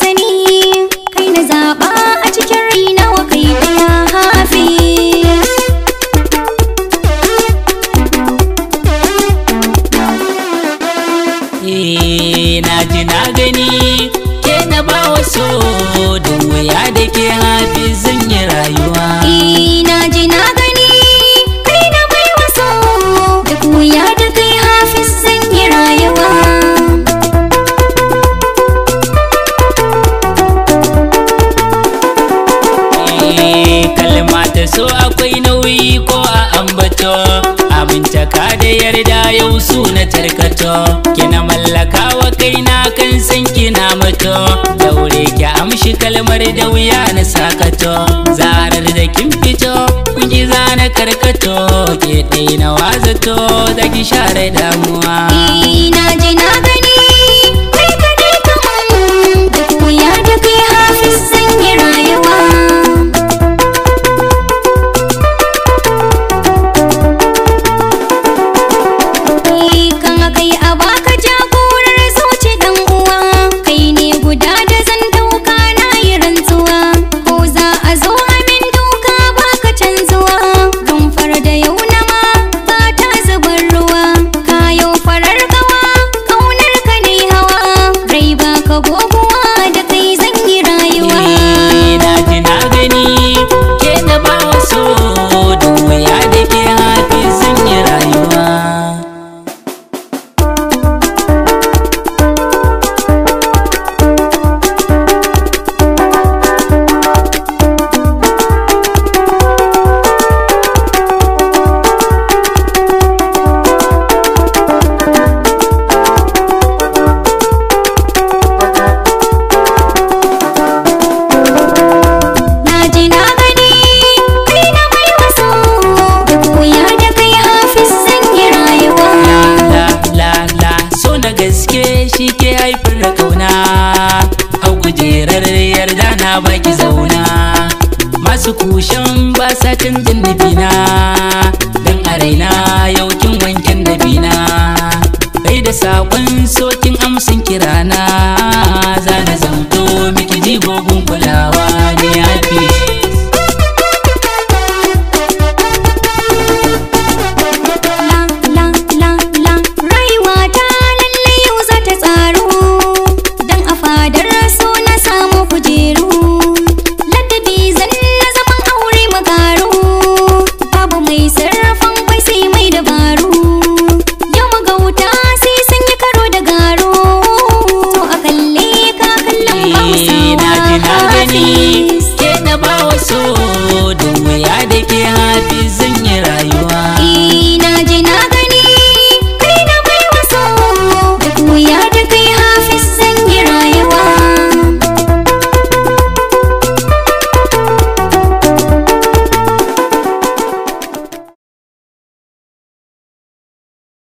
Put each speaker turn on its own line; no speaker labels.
sani kai na zaɓa a cikin raina wa kai daya hafi
eh, na ji na gani ke na ba wasu mallaka da yarda yau na tarkato kina mallaka wa kaina kan san kina mato daure ki amshi kalmar da wuya na sakato zarar da kin fito kun ji zana karkato ke dai na wazato da ki share damuwa
ina eh, jina
da kauna a kujerar yarda na baki zauna masu kushen ba sa canjin dabina don a raina yaukin wankin dabina bai da sakon sokin amsin kirana zana zanto miki jigo fizer